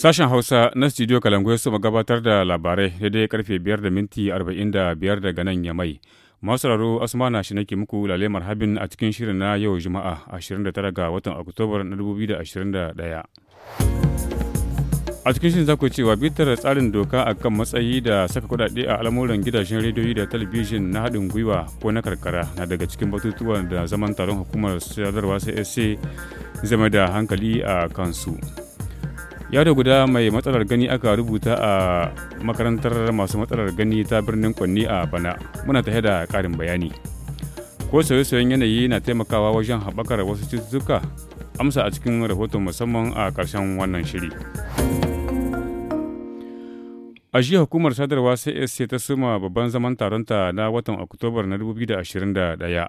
Sashen Hausa na Studio Kalangwe su gabatar da labarai daidai karfe 5 da minti 45 daga nan ya mai. Masararo Asmana shi nake muku lalemar marhabin a cikin shirin na yau Juma'a 29 ga watan Oktobar na 2021. A cikin shirin za ku cewa bitar tsarin doka a kan matsayi da saka kudade a al'amuran gidajen rediyoyi da talabijin na haɗin gwiwa ko na karkara na daga cikin batutuwan da zaman taron hukumar sadarwa sai zama da hankali a kansu. yaro guda mai matsalar gani aka rubuta a makarantar masu matsalar gani ta birnin kwanni a bana muna tafiya da karin bayani ko sauye-sauyen yanayi na taimakawa wajen haɓakar wasu cututtuka amsa a cikin rahoton musamman a ƙarshen wannan shiri a jiya hukumar sadarwa csc ta suma babban zaman taronta na watan oktobar na 2021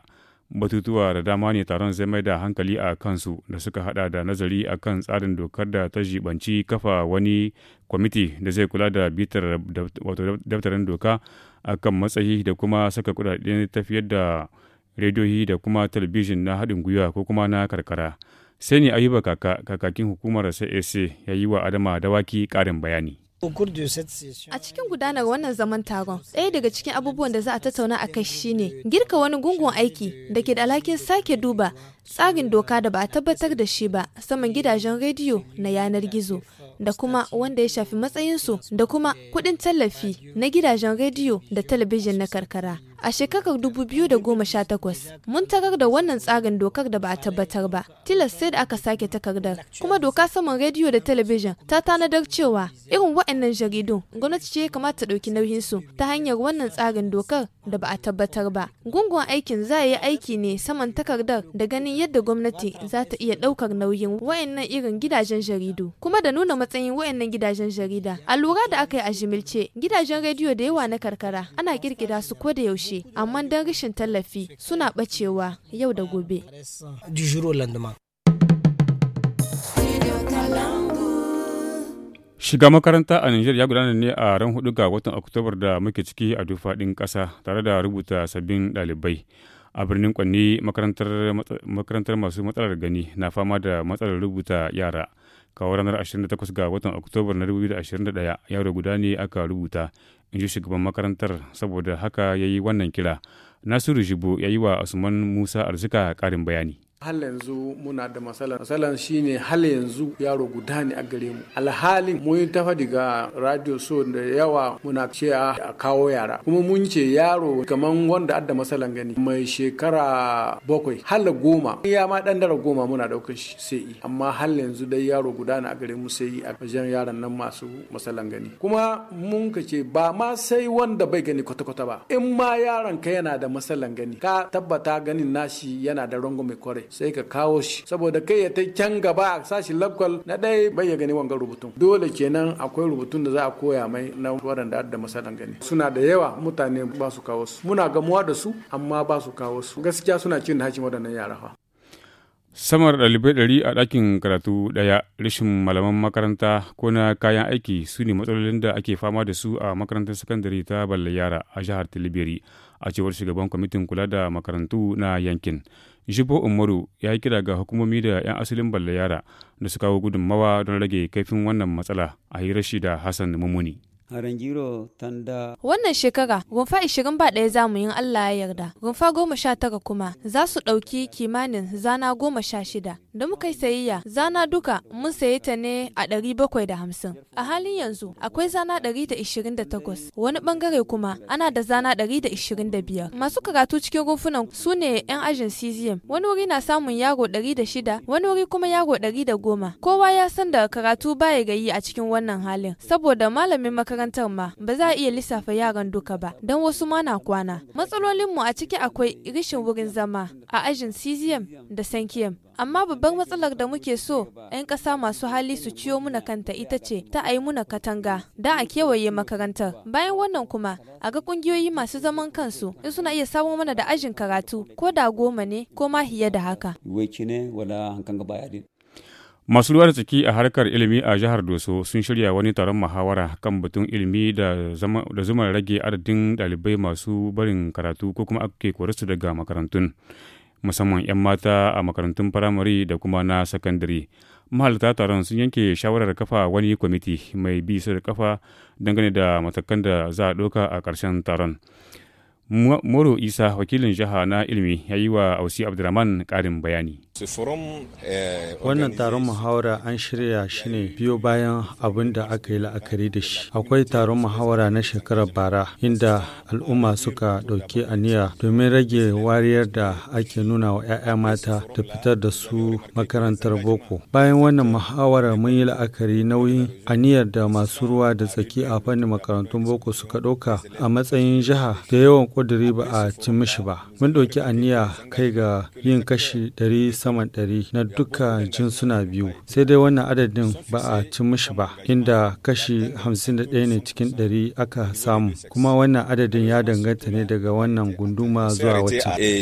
batutuwa da dama ne taron zai mai da hankali a kansu da suka hada da nazari a kan tsarin dokar da ta jibanci kafa wani kwamiti da zai kula da bitar wato daftarin doka a kan matsayi da kuma saka kudaden tafiyar da rediyoyi da kuma talabijin na haɗin gwiwa ko kuma na karkara sai ne ayuba kaka kakakin hukumar sai ya yi wa adama dawaki ƙarin bayani A cikin gudanar wannan zaman taron, ɗaya daga cikin abubuwan da za a tattauna a kai shine girka wani gungun aiki da ke da alhakin sake duba tsarin doka da ba a tabbatar da shi ba saman gidajen rediyo na yanar gizo da kuma wanda ya shafi matsayinsu da kuma kuɗin tallafi na gidajen rediyo da talabijin na karkara. A shekarar 2018, mun tarar da wannan tsarin dokar da ba a tabbatar ba. Tilas sai da aka sake takardar. Kuma doka saman rediyo da talabijin ta tanadar cewa irin waɗannan jaridun gwamnati ce kamata ɗauki su ta hanyar wannan tsarin dokar da ba a tabbatar ba. Gungun aikin za a yi aiki ne saman takardar da ganin yadda gwamnati za ta iya ɗaukar nauyin waɗannan irin gidajen jaridu. Kuma da nuna matsayin waɗannan gidajen jarida. A lura da aka yi a jimilce, gidajen rediyo da yawa na karkara ana kirkira su ko da yaushe. amma don rashin tallafi suna bacewa yau da gobe. Shiga makaranta a Nijar ya gudana ne a ran hudu ga watan Oktobar da muke ciki a dufaɗin ƙasa tare da rubuta sabbin ɗalibai. A birnin Kwanni makarantar masu matsalar gani na fama da matsalar rubuta yara. Kawo ranar 28 ga watan Oktobar na 2021 yaro guda ne aka rubuta in ji shugaban makarantar saboda haka ya yi wannan kira nasiru jibo ya yi wa usman musa arzika ƙarin bayani hal yanzu muna da matsala matsalan shine hal yanzu yaro guda ne a gare mu alhalin mun tafa daga ga radio so da yawa muna ce a kawo yara kuma mun ce yaro kaman wanda adda matsalan gani mai shekara bakwai hal goma ya ma dan dara goma muna daukan shi sai yi amma hal yanzu dai yaro guda ne a gare mu sai yi a wajen yaran nan masu matsalan gani kuma mun ka ce ba ma sai wanda bai gani kwata-kwata ba in ma yaron ka yana da matsalan gani ka tabbata ganin nashi yana da rango mai kware sai ka kawo shi saboda kai ya ta can gaba a sashi lakwal. na ɗaya bai ya gani wangan rubutun dole kenan akwai rubutun da za a koya mai na waɗanda da masalan gani suna da yawa mutane ba su kawo su muna gamuwa da su amma ba su kawo su gaskiya suna cin da hacin waɗannan yara fa samar ɗalibai ɗari a ɗakin karatu ɗaya rashin malaman makaranta ko na kayan aiki su ne matsalolin da ake fama da su a makarantar sakandare ta balle yara a jihar tilibiri a cewar shugaban kwamitin kula da makarantu na yankin Jibo Umaru ya yi kira ga hukumomi da 'yan asalin balayara da su kawo gudunmawa don rage kaifin wannan matsala a hirar shi da Hassan Mumuni. Wannan shekara rumfa 21 za mu yin Allah ya yarda. Rumfa goma sha tara kuma za su ɗauki kimanin zana goma sha shida. Da muka yi sayayya zana duka mun sayi ta ne a 750. da hamsin. A halin yanzu akwai zana 128. da Wani bangare kuma ana da zana 125. Masu karatu cikin rumfunan su ne 'yan ajin CZM. Wani wuri na samun yaro ɗari da shida, wani wuri kuma yaro ɗari da goma. Kowa ya san da karatu baya gayi a cikin wannan halin. Saboda malamin makaranta makarantar ma ba za a iya lissafa yaran duka ba don wasu ma na kwana. Matsalolinmu a ciki akwai rishin wurin zama a ajin CZM da Sankiyam. Amma babbar matsalar da muke so 'yan ƙasa masu hali su ciyo muna kanta ita ce ta a yi muna katanga da a kewaye makarantar. Bayan wannan kuma a ga ƙungiyoyi masu zaman kansu in suna iya samun mana da ajin karatu ko da goma ne ko ma hiye da haka. Masu ruwa da tsaki a harkar ilimi a jihar Doso sun shirya wani taron muhawara kan batun ilimi da zuma rage adadin dalibai masu barin karatu ko kuma ake su daga makarantun, musamman 'yan mata a makarantun firamare da kuma na sakandare. mahalata taron sun yanke shawarar kafa wani kwamiti mai bi su da kafa dangane da matakan da za a ɗauka a ƙarshen taron. Moro Isa, wakilin jiha na ilimi, ya yi wa Ausi Abdulrahman ƙarin bayani. Eh, wannan taron muhawara an shirya shi ne biyo bayan abin da aka yi la'akari da shi. Akwai taron muhawara na shekarar bara inda al'umma suka ɗauki aniya domin rage wariyar da ake nuna wa 'ya'ya mata da fitar da su makarantar boko. Bayan wannan muhawara mun yi la'akari nauyin aniyar da masu ruwa da tsaki a fannin makarantun boko suka ɗauka a matsayin jiha da yawan ƙuduri ba a cin mishi ba. Mun ɗauki aniya kai ga yin kashi ɗari saman ɗari na duka suna biyu sai dai wannan adadin ba a ci mishi ba inda kashi 51 ne cikin ɗari aka samu kuma wannan adadin ya danganta ne daga wannan gunduma zuwa wacce. Ah, eh, eh,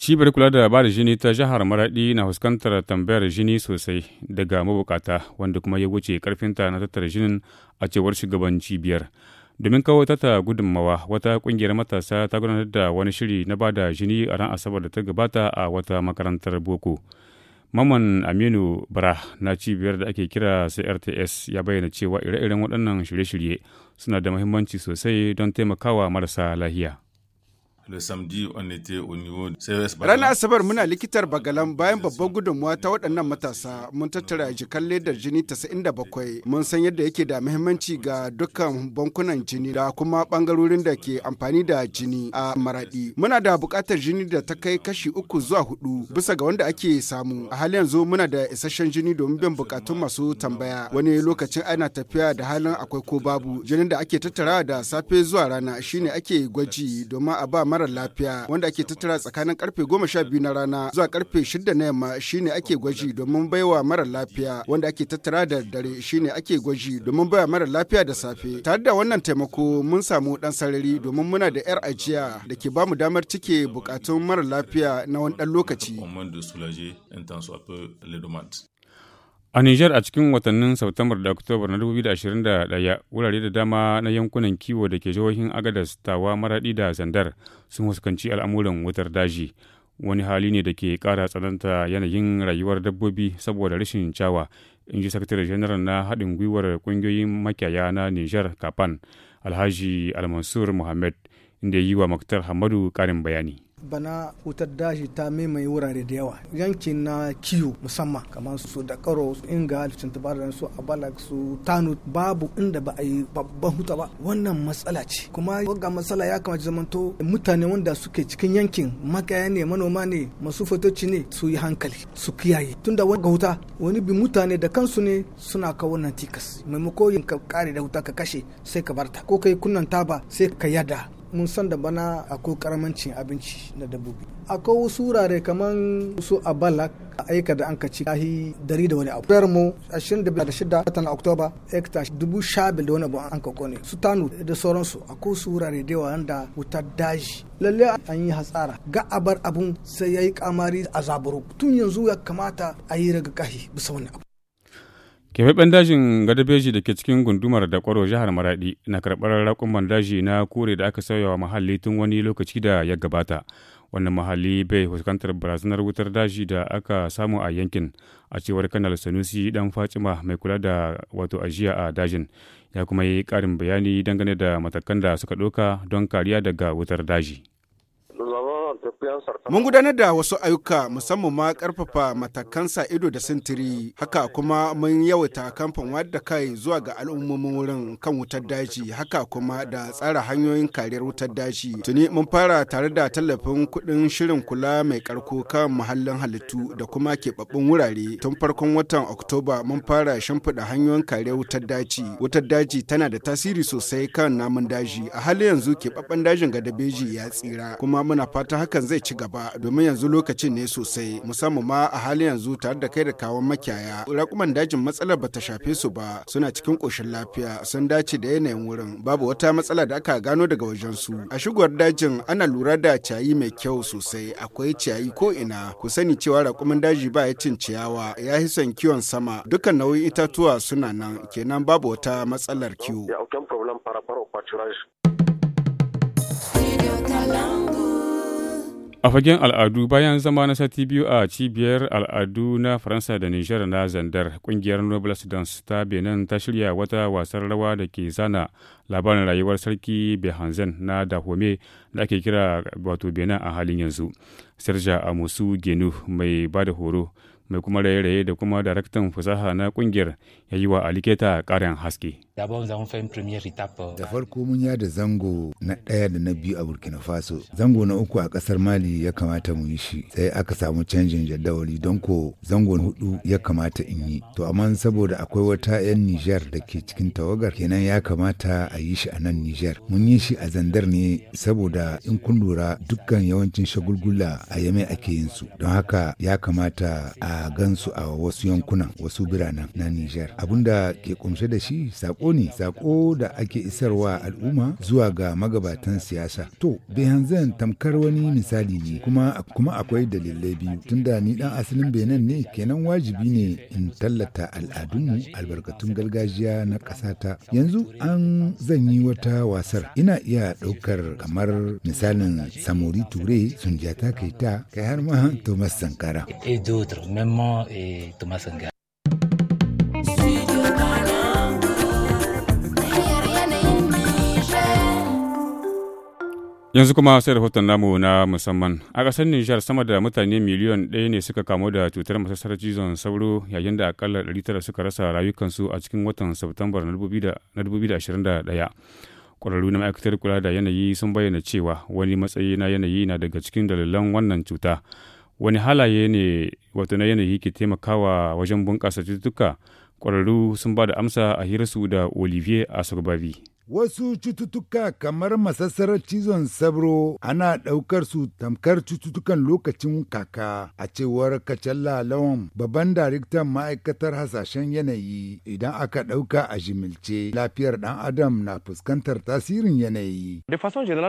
cibiyar kula da bada jini ta jihar maraɗi na fuskantar tambayar jini sosai daga mabukata wanda kuma ya wuce karfinta na tattara jinin a cewar shugaban cibiyar domin kawo ta gudunmawa wata kungiyar matasa ta gudanar da wani shiri na ba da jini a ran asabar da ta gabata a wata makarantar boko maman aminu bara na cibiyar da ake kira crts ya bayyana cewa ire-iren waɗannan shirye-shirye suna da muhimmanci sosai don taimakawa marasa lahiya Ranar Asabar muna likitar bagalan bayan babban gudunmuwa ta waɗannan matasa mun tattara jikan ledar jini 97 mun san yadda yake da muhimmanci ga dukkan bankunan jini da kuma bangarorin da ke amfani da jini a maradi Muna da buƙatar jini da ta kai kashi uku zuwa hudu bisa ga wanda ake samu. A halin yanzu muna da isasshen jini domin bin bukatun masu tambaya. Wani lokacin ana tafiya da halin akwai ko babu. Jinin da ake tattara da safe zuwa rana shine ake gwaji domin a ba mara marar lafiya wanda ake tattara tsakanin karfe goma sha biyu na rana zuwa karfe shida na yamma shine ake gwaji domin baiwa mara lafiya wanda ake tattara da dare shine ake gwaji domin baiwa marar lafiya da safe tare da wannan taimako mun samu dan sarari domin muna da yar ajiya da ke bamu damar cike bukatun mara lafiya na wani dan lokaci A Nijar a cikin watannin Satumbar da Oktoba na 2021 wurare da dama na yankunan kiwo da ke jihohin Agadas, Tawa, Maradi da Zandar sun fuskanci al'amuran wutar daji. Wani hali ne da ke ƙara tsananta yanayin rayuwar dabbobi saboda rashin cawa, in ji Sakatare Janar na haɗin gwiwar ƙungiyoyin makiyaya na Nijar Kafan, Alhaji Almansur Muhammad, inda yi wa Muktar Hamadu ƙarin bayani. bana wutar daji ta maimaye wurare da yawa yankin na kiyo musamman kamar su da karo su inga da su abalak su tanu babu inda ba a yi babban huta ba wannan matsala ce kuma ga matsala ya kamata zamanto mutane wanda suke cikin yankin makaya ne manoma ne masu fotoci ne su yi hankali su kiyaye tunda wani ga huta wani bi mutane da kansu ne suna kawo wannan tikas maimako yin ka kare da huta ka kashe sai ka barta ko kai kunnan taba sai ka yada mun san da bana akwai karamancin abinci na dabbobi akwai wasu wurare kamar su a balak a aika da an ka ci kahi dari da wani abu bayar mu 26 watan oktoba hekta dubu shabil da wani abu an ka kone su tanu da sauransu akwai su wurare da yawa da wutar daji lalle an yi hatsara ga abar abun sai ya yi kamari a zaburo tun yanzu ya kamata a yi raga kahi bisa wani abu keɓaɓɓen dajin gadabeji da ke cikin gundumar da kwaro jihar maraɗi na karɓar rakuman daji na kore da aka sauyawa mahalli tun wani lokaci da ya gabata wannan mahalli bai fuskantar barazanar wutar daji da aka samu a yankin a cewar kanal sanusi dan fatima mai kula da wato ajiya a dajin ya kuma yi ƙarin bayani dangane da matakan da suka ɗauka don kariya daga wutar daji Mun gudanar da wasu ayyuka musamman ma karfafa matakan sa ido da sintiri haka kuma mun yawaita kamfan wadda kai zuwa ga al'ummomin wurin kan wutar daji haka kuma da tsara hanyoyin kariyar wutar daji. Tuni mun fara tare da tallafin kuɗin shirin kula mai karko kan muhallin halittu da kuma keɓaɓɓun wurare tun farkon watan Oktoba mun fara shimfiɗa hanyoyin kariyar wutar daji. Wutar daji tana da tasiri sosai kan namun daji a halin yanzu keɓaɓɓen dajin gadabeji ya tsira kuma muna fata hakan zai ci ci gaba domin yanzu lokacin ne sosai musamman ma a halin yanzu tare da kai da kawon makiyaya rakuman dajin matsalar ba ta shafe su ba suna cikin koshin lafiya sun dace da yanayin wurin babu wata matsala da aka gano daga wajen su a shigowar dajin ana lura da ciyayi mai kyau sosai akwai ciyayi ko ina ku sani cewa rakumin daji ba ya cin ciyawa ya yi son kiwon sama dukkan nauyin itatuwa suna nan kenan babu wata matsalar kiwo. Video A fagen al'adu bayan zama na sati biyu a cibiyar al'adu na Faransa da Nijar na zandar kungiyar Noble students ta Benin ta shirya wata wasar rawa da ke zana labarin rayuwar sarki Behanzen na Dahome da ake kira wato benin a halin yanzu sarja amusu genu mai ba da horo mai kuma raye-raye da kuma daraktan fasaha na kungiyar ya yi wa aliketa karin haske. Euh, da farko mun yada zango na ɗaya da na biyu a Burkina Faso. Zango na uku a ƙasar Mali ya kamata mu yi shi. Sai aka samu canjin jadawali don ko zango na hudu ya kamata in yi. To amma saboda akwai wata 'yan Nijar da ke cikin tawagar kenan ya kamata a yi shi a nan Nijar. Mun yi shi a zandar ne saboda da in kun lura dukkan yawancin shagulgula a yame ake yin su don haka ya kamata a gansu a wasu yankunan wasu biranen na Nijar. Abinda ke kumshe da shi sako ne sako da ake isarwa al'umma zuwa ga magabatan siyasa. To Behanzan tamkar wani misali ne kuma kuma akwai dalilai biyu tunda ni dan asalin Benin ne kenan wajibi ne in tallata al'adunmu albarkatun gargajiya na ƙasata. Yanzu an zan yi wata wasar ina iya ɗaukar kamar misalin samori ture sunjata keta kai har ma thomas sankara yanzu kuma sai rahoton namu na musamman a ƙasar nijar sama da mutane miliyan ɗaya ne suka kamu da cutar masasar cizon sauro yayin da akalla 900 suka rasa rayukansu a cikin watan Satumbar na 2021 ƙwararru na ma'aikatar kula da yanayi sun bayyana cewa wani matsayi na yanayi na daga cikin dalilan wannan cuta wani halaye ne wato na yanayi ke taimakawa wajen bunƙasa cututtuka ƙwararru sun ba da amsa a hirarsu da olivier asurbavi Wasu cututtuka kamar masassarar cizon sabro ana ɗaukar su tamkar cututtukan lokacin kaka a cewar Kacalla Lawan babban daraktan ma'aikatar hasashen yanayi idan aka ɗauka a jimilce lafiyar ɗan adam na fuskantar tasirin yanayi.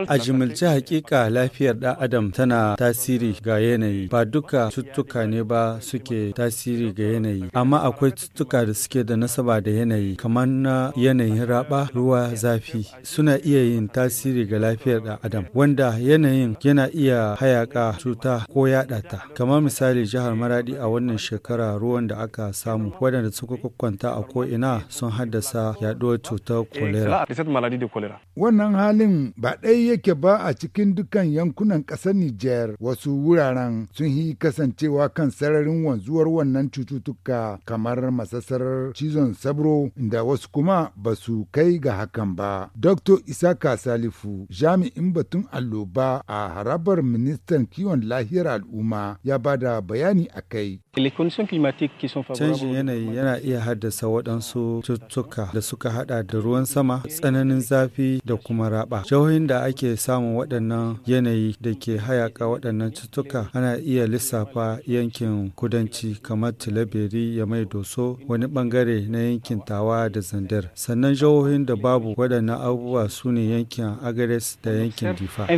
A jimilce hakika lafiyar ɗan adam tana tasiri ga yanayi ba duka cututtuka ne ba suke tasiri ga yanayi amma akwai cututtuka da suke da nasaba da yanayi kamar na yanayin raɓa ruwa zafi suna iya yin tasiri ga lafiyar ɗan adam wanda yanayin yana iya hayaka cuta ko yaɗa ta kamar misali jihar maradi a wannan shekara ruwan da aka samu waɗanda suka kwakwanta a ko'ina sun haddasa yaɗuwar cutar kolera eh, wannan halin ba dai yake ba a cikin dukkan yankunan ƙasar nijer wasu wuraren sun yi kasancewa kan sararin wanzuwar wannan cututtuka kamar masassarar cizon sabro da wasu kuma ba su kai ga hakan ba. Dr. Isaka Salifu, jami'in batun ba a harabar ministan kiwon lahiyar al'umma ya bada bayani a kai. Canjin yanayi yana iya haddasa waɗansu cututtuka da suka hada da ruwan sama, tsananin zafi da kuma raba. Jihohin da ake samun waɗannan yanayi da ke hayaka waɗannan cututtuka ana iya lissafa yankin kudanci kamar Tilaberi, mai Doso, wani bangare na yankin Tawa da Zandar. Sannan jihohin da babu waɗannan abubuwa su ne yankin agares da yankin eh, difa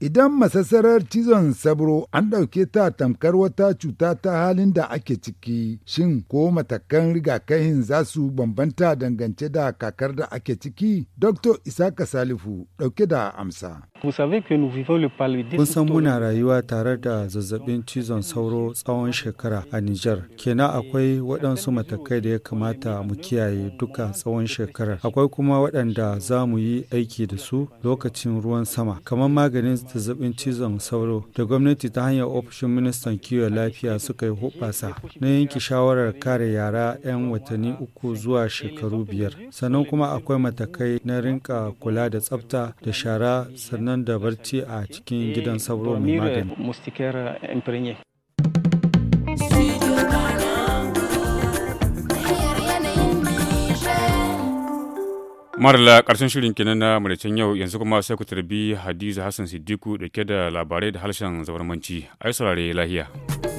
idan masasarar cizon sabro an ɗauke ta tamkar wata cuta ta halin da ake ciki shin ko matakan rigakafin za su bambanta dangance da kakar da ake ciki dr isaka salifu ɗauke da amsa Kun san muna rayuwa tare da zazzabin cizon sauro tsawon shekara a Nijar. Kenan akwai waɗansu matakai da ya kamata mu kiyaye duka tsawon shekarar. Akwai kuma waɗanda za mu yi aiki da su lokacin ruwan sama, kamar maganin zazzabin cizon sauro da gwamnati ta hanyar ofishin ministan kiwon lafiya suka yi hoɓasa na yanke shawarar kare yara 'yan watanni uku zuwa shekaru biyar. Sannan kuma akwai matakai na rinka kula da tsafta da shara sannan nan da barci a cikin gidan sauro mai magani. marla karshen shirin kenan na maraicen yau yanzu kuma sai ku tarbi hadiza hassan siddiku ke da labarai da harshen zabarmanci ai saurare lahiya